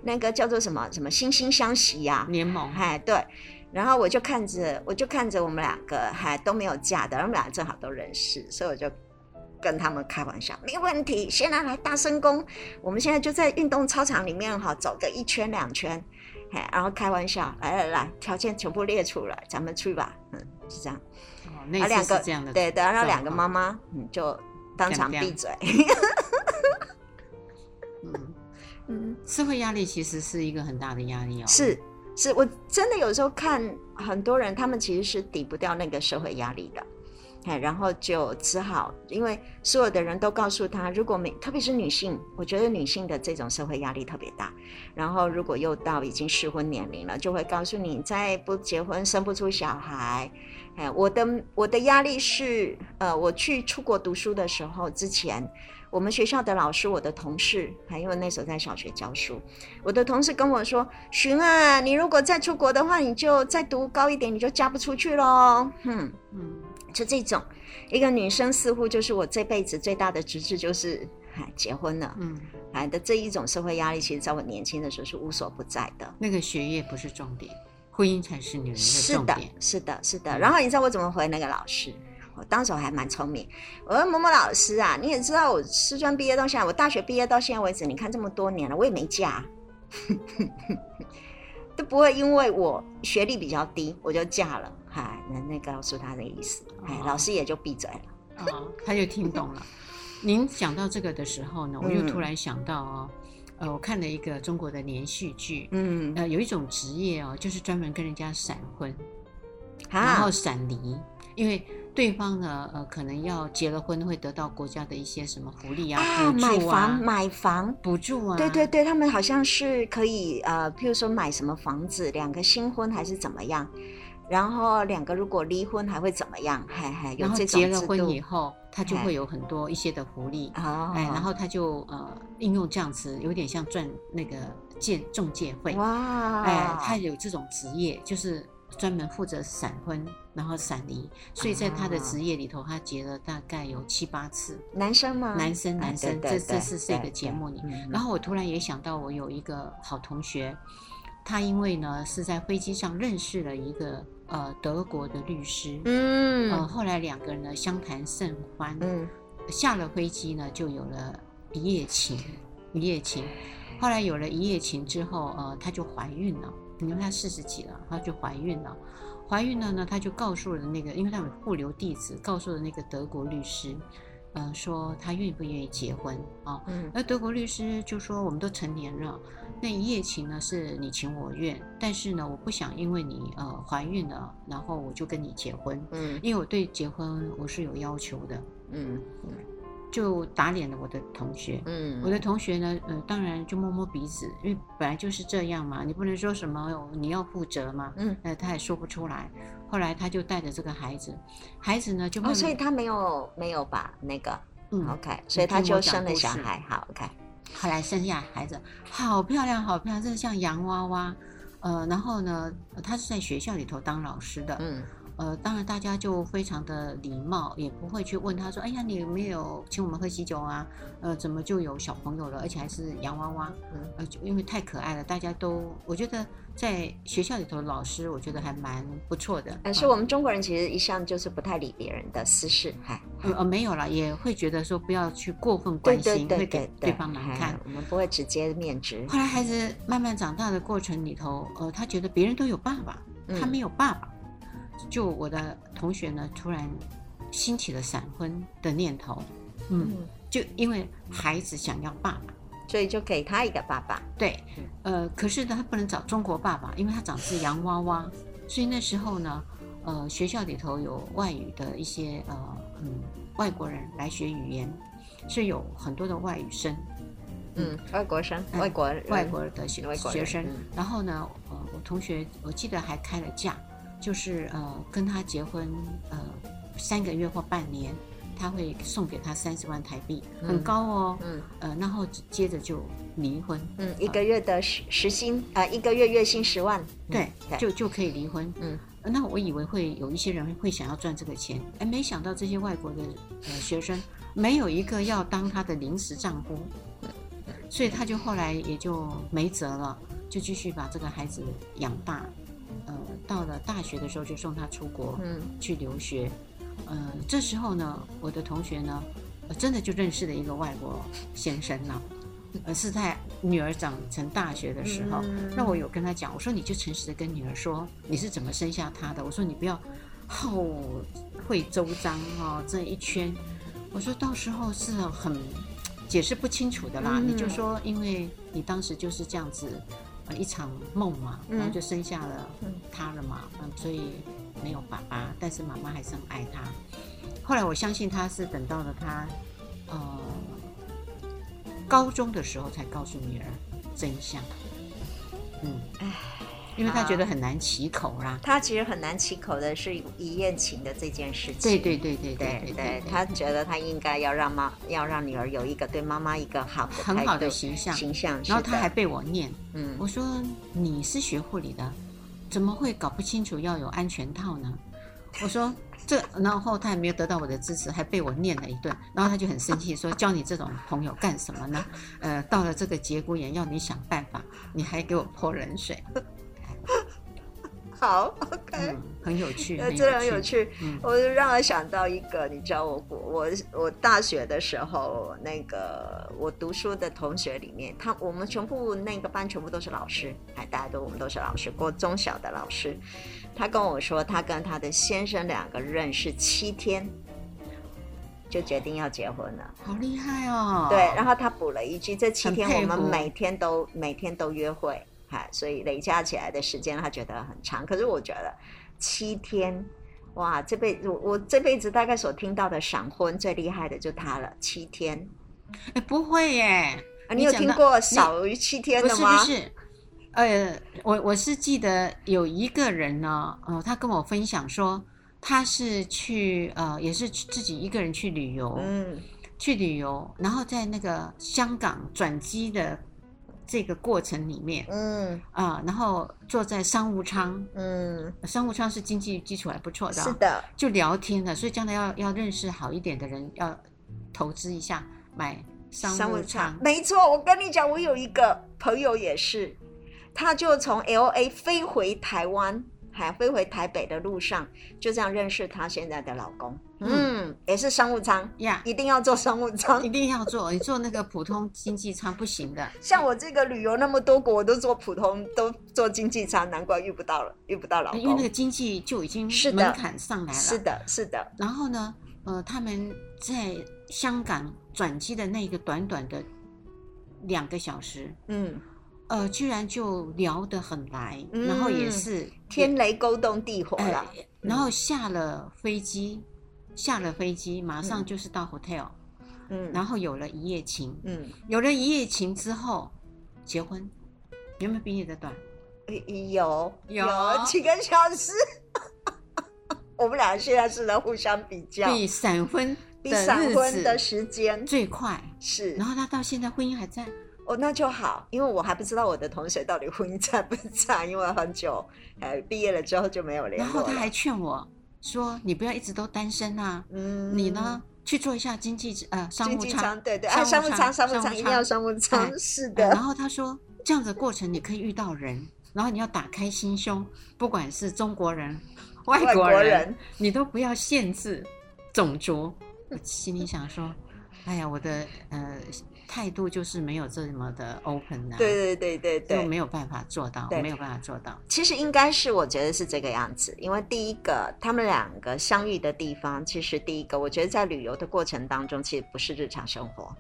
那個叫做什麼什麼惺惺相惜呀、啊，聯盟猛，哎對。然後我就看着，我就看着我們兩個還都沒有嫁的，我們倆正好都認識，所以我就跟他們開玩笑：“沒問題，現在來大聲公，我們現在就在運動操場裡面哈，走個一圈兩圈。”然後開玩笑，來來來，條件全部列出來，咱們去吧。嗯，是這樣。那兩個這樣的，對，對，讓兩個媽媽，嗯，就當場閉嘴。嗯 <laughs> 嗯，社會壓力其實是一個很大的壓力哦。是是，我真的有時候看很多人，他們其實是抵不掉那個社會壓力的。哎，然後就只好，因為所有的人都告訴他，如果沒，特別是女性，我覺得女性的這種社會壓力特別大。然後，如果又到已經適婚年齡了，就會告訴你，再不結婚，生不出小孩。哎，我的我的壓力是，呃，我去出國讀書的時候，之前我們學校的老師，我的同事，還因為那時候在小學教書，我的同事跟我說：“尋啊，你如果再出國的話，你就再讀高一點，你就嫁不出去嘍。”哼，嗯。嗯就這種，一個女生似乎就是我這輩子最大的職志，就是哎，結婚了。嗯，哎的這一種社會壓力，其實在我年輕的時候是無所不在的。那個學業不是重點，婚姻才是女人的重點。是的，是的，是的。嗯，然後你知道我怎麼回那個老師？我當時我還蠻聰明，我說某某老師啊，你也知道我師專畢業到現在，我大學畢業到現在為止，你看這麼多年了，我也沒嫁， <laughs> 都不會因為我學歷比較低我就嫁了。哈，能那告訴他的意思，哎、哦，老師也就閉嘴了，哦，他就聽懂了。 <laughs> 您講到這個的時候呢，我就突然想到哦，嗯、呃，我看了一個中國的連續劇，嗯，呃，有一種職業哦，就是專門跟人家閃婚，啊、然後閃離，因為對方呢，呃，可能要結了婚會得到國家的一些什麼福利啊，啊，啊買房、買房、補助啊，對對對，他們好像是可以呃，譬如說買什麼房子，兩個新婚還是怎麼樣。然後兩個如果離婚還會怎麼樣？還還有這種制度。然後結了婚以後，他就會有很多一些的福利。哦，哦。哎，然後他就呃，應用這樣子，有點像賺那個中介費。哇哦哦。哎，他有這種職業，就是專門負責閃婚，然後閃離。所以在他的職業裡頭，哦哦，他結了大概有七八次。男生嗎？男生，男生。哎、對對對，這這是一個節目裡。然後我突然也想到，我有一個好同學，他因為呢是在飛機上認識了一個。呃，德國的律師，嗯，呃，後來兩個人呢相談甚歡，嗯，下了飛機呢就有了一夜情，一夜情，後來有了一夜情之後，呃，她就懷孕了。因為她四十幾了，她就懷孕了，懷孕了呢，她就告訴了那個，因為她有互留地址，告訴了那個德國律師。嗯、呃，說他願不願意結婚啊？嗯，而德國律師就說，我們都成年了，那一夜情呢是你情我願，但是呢，我不想因為你呃懷孕了，然後我就跟你結婚，嗯，因為我對結婚我是有要求的，嗯。嗯就打臉了我的同學，嗯，我的同學呢，呃，當然就摸摸鼻子，因為本來就是這樣嘛，你不能說什麼你要負責嘛，嗯、呃，他也說不出來。後來他就帶着這個孩子，孩子呢就、哦，所以他沒有沒有把那個，嗯，OK，所以他就生了小孩，好，OK，後來生下孩子，好漂亮，好漂亮，真的像洋娃娃，呃，然後呢，他是在學校裡頭當老師的，嗯。呃，當然，大家就非常的禮貌，也不會去問他說：“哎呀，你有沒有請我們喝喜酒啊？呃，怎麼就有小朋友了，而且還是洋娃娃？嗯、呃，因為太可愛了，大家都我覺得在學校裡頭老師，我覺得還蠻不錯的。但是、呃、嘛我們中國人其實一向就是不太理別人的私事，嗨、嗯嗯嗯，呃，沒有了，也會覺得說不要去過分關心，對對對對對會給對方難看。對對對對對我們不會直接面質。後來孩子慢慢長大的過程裡頭，呃，他覺得別人都有爸爸，嗯、他沒有爸爸。”就我的同學呢，突然興起了閃婚的念頭，嗯，嗯，就因為孩子想要爸爸，所以就給他一個爸爸。對，呃，可是呢，他不能找中國爸爸，因為他長是洋娃娃，所以那時候呢，呃，學校裡頭有外語的一些呃，嗯，外國人來學語言，所以有很多的外語生，嗯，嗯，外國生，外國人、呃、外國人的學、嗯、學生。然後呢，呃，我同學我記得還開了價。就是呃跟他結婚呃三個月或半年，他會送給他三十萬台幣，很高哦。嗯。嗯呃，然後接着就離婚。嗯，呃、一個月的時時薪呃，一個月月薪十萬。嗯、對。對就就可以離婚。嗯、呃。那我以為會有一些人會想要賺這個錢，哎，沒想到這些外國的學生沒有一個要當他的臨時丈夫，所以他就後來也就沒轍了，就繼續把這個孩子養大。呃，到了大學的時候就送她出國，嗯，去留學。嗯、呃，這時候呢，我的同學呢，呃、真的就認識了一個外國先生了、啊。而、呃、是在女兒長成大學的時候，嗯、那我有跟她講，我說你就誠實的跟女兒說你是怎麼生下她的。我說你不要好費周章哦、啊，這一圈。我說到時候是很解釋不清楚的啦，嗯、你就說因為你當時就是這樣子。一場夢嘛，然後就生下了他了嘛，嗯嗯、所以沒有爸爸，但是媽媽還是很愛他。後來我相信他是等到了他呃高中的時候才告訴女兒真相。嗯，哎。因為他覺得很難啟口啊,啊，他其實很難啟口的是一宴請的這件事情。對對對對對對,對,對,對,對，他覺得他應該要讓媽要讓女兒有一個對媽媽一個好很好的形象形象，然後他還被我念，嗯的，我說你是學護理的，嗯、怎麼會搞不清楚要有安全套呢？我說這，然後他還沒有得到我的支持，還被我念了一頓，然後他就很生氣， <laughs> 說教你這種朋友幹什麼呢？呃，到了這個節骨眼要你想辦法，你還給我潑冷水。好，OK，、嗯、很有趣，真的 <laughs> 很有趣。嗯、我就讓我想到一個，你知道我，我我我大學的時候，那個我讀書的同學裡面，他我們全部那個班全部都是老師，哎，大家都我們都是老師，過中小的老師。他跟我說，他跟他的先生兩個認識七天，就決定要結婚了，好厲害哦。對，然後他補了一句，這七天我們每天都每天都約會。所以累加起來的時間，他覺得很長。可是我覺得，七天，哇，這輩子我這輩子大概所聽到的閃婚最厲害的就是他了，七天。欸、不會耶、欸啊，你有你聽過少於七天的嗎？不是，不是，呃，我我是記得有一個人呢，哦、呃，他跟我分享說，他是去呃，也是自己一個人去旅遊，嗯，去旅遊，然後在那個香港轉機的。這個過程裡面，嗯啊，然後坐在商務艙，嗯，商務艙是經濟基礎還不錯的，是的，就聊天的，所以將來要要認識好一點的人，要投資一下買商務艙，商務艙，沒錯，我跟你講，我有一個朋友也是，他就從 LA 飛回台灣。還飛回，回台北的路上，就這樣認識他現在的老公。嗯，也是商務艙呀，yeah, 一定要坐商務艙，一定要坐。你坐那個普通經濟艙 <laughs> 不行的。像我這個旅遊那麼多國，我都坐普通，都坐經濟艙，難怪遇不到了，遇不到老公。因為那個經濟就已經門檻上來了。是的，是的，是的。然後呢、呃，他們在香港轉機的那個短短的兩個小時，嗯。呃，居然就聊得很來，然後也是天雷勾動地火了。然後下了飛機，下了飛機馬上就是到 hotel，嗯，然後有了一夜情，嗯，有了一夜情之後結婚，有沒有比你的短？有，有幾個小時。我們倆現在是在互相比較，比閃婚的閃婚的時間最快是，然後他到現在婚姻還在。哦，那就好，因為我還不知道我的同學到底婚嫁不嫁，因為很久，呃，畢業了之後就沒有聯絡。然後他還勸我說：“你不要一直都單身啊，你呢去做一下經濟呃商務艙，商務艙，對對，啊，商務艙，商務艙，一定要商務艙，是的。”然後他說：“這樣的過程你可以遇到人，然後你要打開心胸，不管是中國人、外國人，你都不要限制種族。”我心裡想說：“哎呀，我的呃。”態度就是沒有這麼的 open 吶、啊，對對對對對，都沒有辦法做到，對沒有辦法做到。其實應該是，我覺得是這個樣子，因為第一個，他們兩個相遇的地方，其實第一個，我覺得在旅遊的過程當中，其實不是日常生活，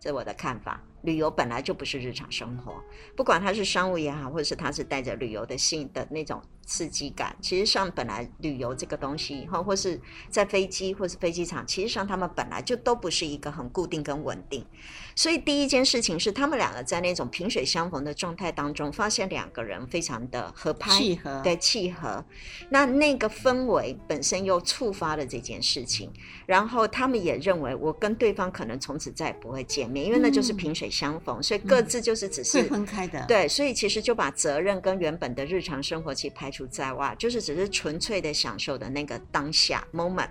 這是我的看法。旅遊本來就不是日常生活，不管他是商務也好，或者是他是帶着旅遊的性的那種。刺激感，其實上本來旅游這個東西，哈，或是在飛機，或是飛機場，其實上他們本來就都不是一個很固定跟穩定。所以第一件事情是，他們兩個在那種萍水相逢的狀態當中，發現兩個人非常的合拍，契合，對，契合。那那個氛圍本身又觸發了這件事情，然後他們也認為，我跟對方可能從此再也不會見面，因為那就是萍水相逢，嗯、所以各自就是只是、嗯、會分開的，對，所以其實就把責任跟原本的日常生活去排處在外，就是只是純粹的享受的那個當下 moment。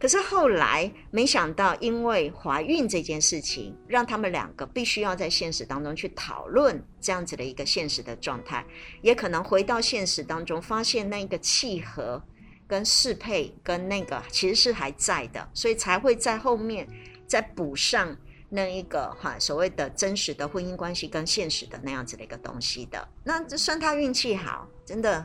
可是後來沒想到，因為懷孕這件事情，讓他們兩個必須要在現實當中去討論這樣子的一個現實的狀態，也可能回到現實當中，發現那個契合、跟適配、跟那個其實是還在的，所以才會在後面再補上。那一個哈，所謂的真實的婚姻關係跟現實的那樣子的一個東西的，那就算他運氣好，真的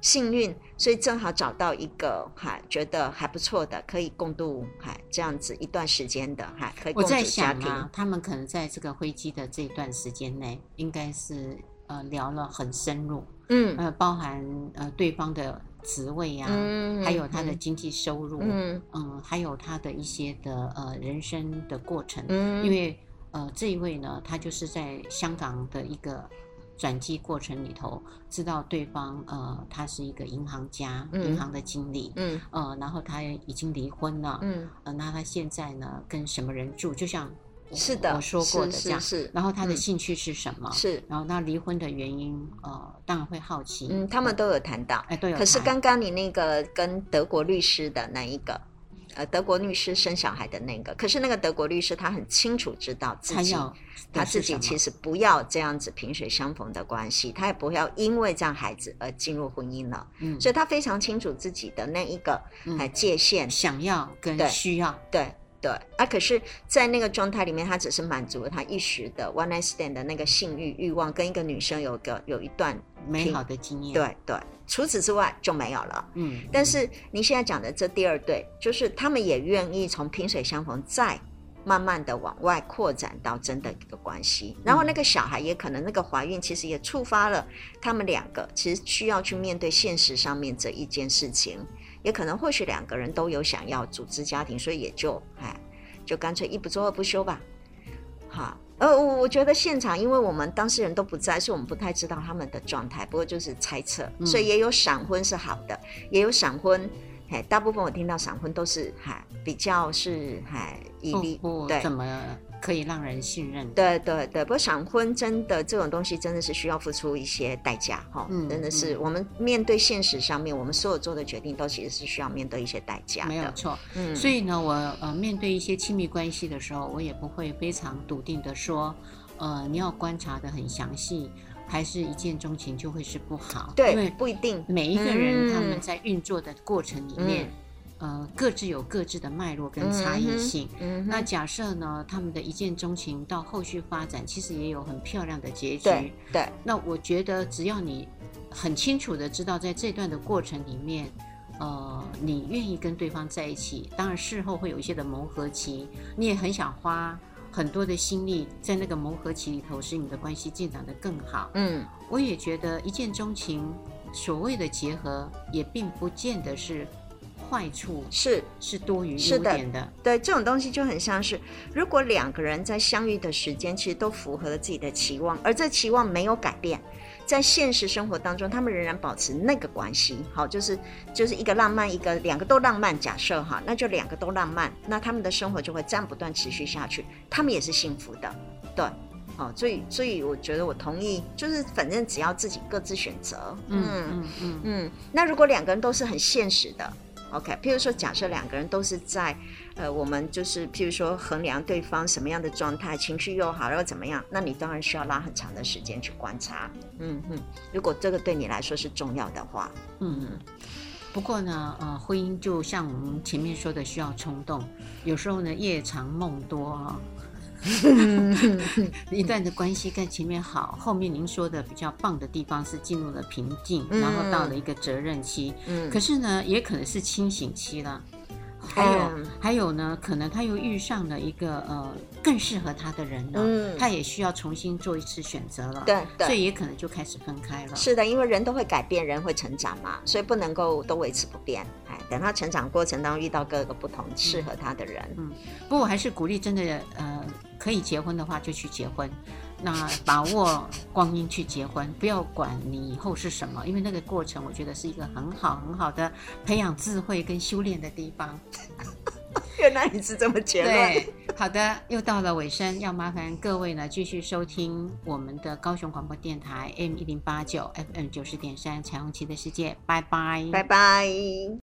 幸運，所以正好找到一個哈，覺得還不錯的，可以共度哈這樣子一段時間的哈。可以共我在想啊，他們可能在這個飛機的這一段時間內，應該是呃聊了很深入，嗯呃，包含呃對方的。職位呀、啊，還有他的經濟收入，嗯，嗯，嗯，還有他的一些的呃人生的過程，嗯、因為呃這一位呢，他就是在香港的一個轉機過程裡頭，知道對方呃他是一個銀行家，嗯、銀行的經理，嗯，嗯呃然後他已經離婚了，嗯，那、呃、他現在呢跟什麼人住？就像。是的，我說過的這樣。是，是，是，然後他的興趣是什麼？是、嗯，然後那離婚的原因，呃，當然會好奇。嗯，他們都有談到。哎、欸，對。可是剛剛你那個跟德國律師的那一個，呃，德國律師生小孩的那個，可是那個德國律師他很清楚知道自己，他，要他自己其實不要這樣子萍水相逢的關係，他也不要因為這樣孩子而進入婚姻了。嗯，所以他非常清楚自己的那一個呃、嗯、界限，想要跟需要對。對對，啊，可是，在那個狀態裡面，他只是滿足了他一時的 one night stand 的那個性欲欲望，跟一個女生有個有一段美好的經驗。對對，除此之外就沒有了。嗯，但是你現在講的這第二對，就是他們也願意從萍水相逢，再慢慢的往外擴展到真的一個關係。然後那個小孩也可能那個懷孕，其實也觸發了他們兩個，其實需要去面對現實上面這一件事情。也可能或許兩個人都有想要組織家庭，所以也就哎，就乾脆一不做二不休吧。好，呃、哦，我覺得現場，因為我們當事人都不在，所以我們不太知道他們的狀態。不過就是猜測，所以也有閃婚是好的，也有閃婚。哎，大部分我聽到閃婚都是哎比較是哎異地，哦哦、對，怎麼樣、啊？可以讓人信任。對對對，不過閃婚真的這種東西真的是需要付出一些代價哈，嗯、真的是我們面對現實上面，嗯、我們所有做的決定都其實是需要面對一些代價。沒有錯，嗯、所以呢，我呃面對一些親密關係的時候，我也不會非常篤定地說，呃你要觀察得很詳細，還是一見鍾情就會是不好？對，不一定，每一個人、嗯、他們在運作的過程裡面。嗯呃，各自有各自的脈絡跟差異性。嗯嗯、那假設呢，他們的一見鍾情到後續發展，其實也有很漂亮的結局。對。對那我覺得，只要你很清楚的知道，在這段的過程裡面，呃，你願意跟對方在一起，當然事後會有一些的磨合期，你也很想花很多的心力在那個磨合期裡頭，使你的關係進展得更好。嗯。我也覺得一見鍾情所謂的結合，也並不見得是。壞處是多點，是多餘，是的，對，這種東西就很像是，如果兩個人在相遇的時間其實都符合了自己的期望，而這期望沒有改變，在現實生活當中，他們仍然保持那個關係，好，就是就是一個浪漫，一個兩個都浪漫，假設哈，那就兩個都浪漫，那他們的生活就會這樣不斷持續下去，他們也是幸福的，對，好，所以所以我覺得我同意，就是反正只要自己各自選擇，嗯嗯嗯嗯、嗯，那如果兩個人都是很現實的。OK，譬如說，假設兩個人都是在，呃，我們就是譬如說衡量對方什麼樣的狀態，情緒又好，又怎麼樣？那你當然需要拉很長的時間去觀察。嗯嗯，如果這個對你來說是重要的話，嗯嗯。不過呢，呃，婚姻就像我們前面說的，需要衝動，有時候呢，夜長夢多啊。 <laughs> 一段的關係，在前面好，後面您說的比較棒的地方是進入了平靜，嗯、然後到了一個責任期，嗯、可是呢，也可能是清醒期了。還有，嗯、還有呢，可能他又遇上了一個呃更適合他的人呢，嗯、他也需要重新做一次選擇了，對，對，所以也可能就開始分開了。是的，因為人都會改變，人會成長嘛，所以不能夠都維持不變。哎，等他成長過程當中遇到各個不同、嗯、適合他的人。嗯，不過我還是鼓勵，真的呃可以結婚的話就去結婚。那把握光陰去結婚，不要管你以後是什麼，因為那個過程，我覺得是一個很好很好的培養智慧跟修煉的地方。原來你是這麼覺得。好的，又到了尾聲，要麻煩各位呢繼續收聽我們的高雄廣播電臺 M 一零八九 FM 九十點三彩虹旗的世界，拜拜，拜拜。